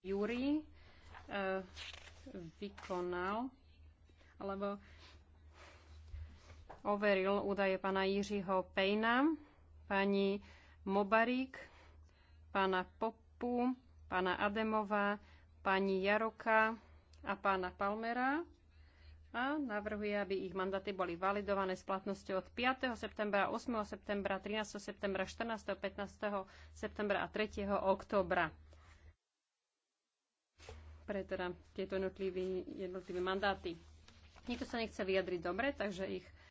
Júri eh, vykonal alebo overil údaje pána Jiřího Pejna, pani Mobarík, pána Popu, pána Ademova, pani Jaroka a pána Palmera a navrhuje, aby ich mandaty boli validované s platnosťou od 5. septembra, 8. septembra, 13. septembra, 14. 15. septembra a 3. októbra pre teda tieto jednotlivé mandáty. Nikto sa nechce vyjadriť dobre, takže ich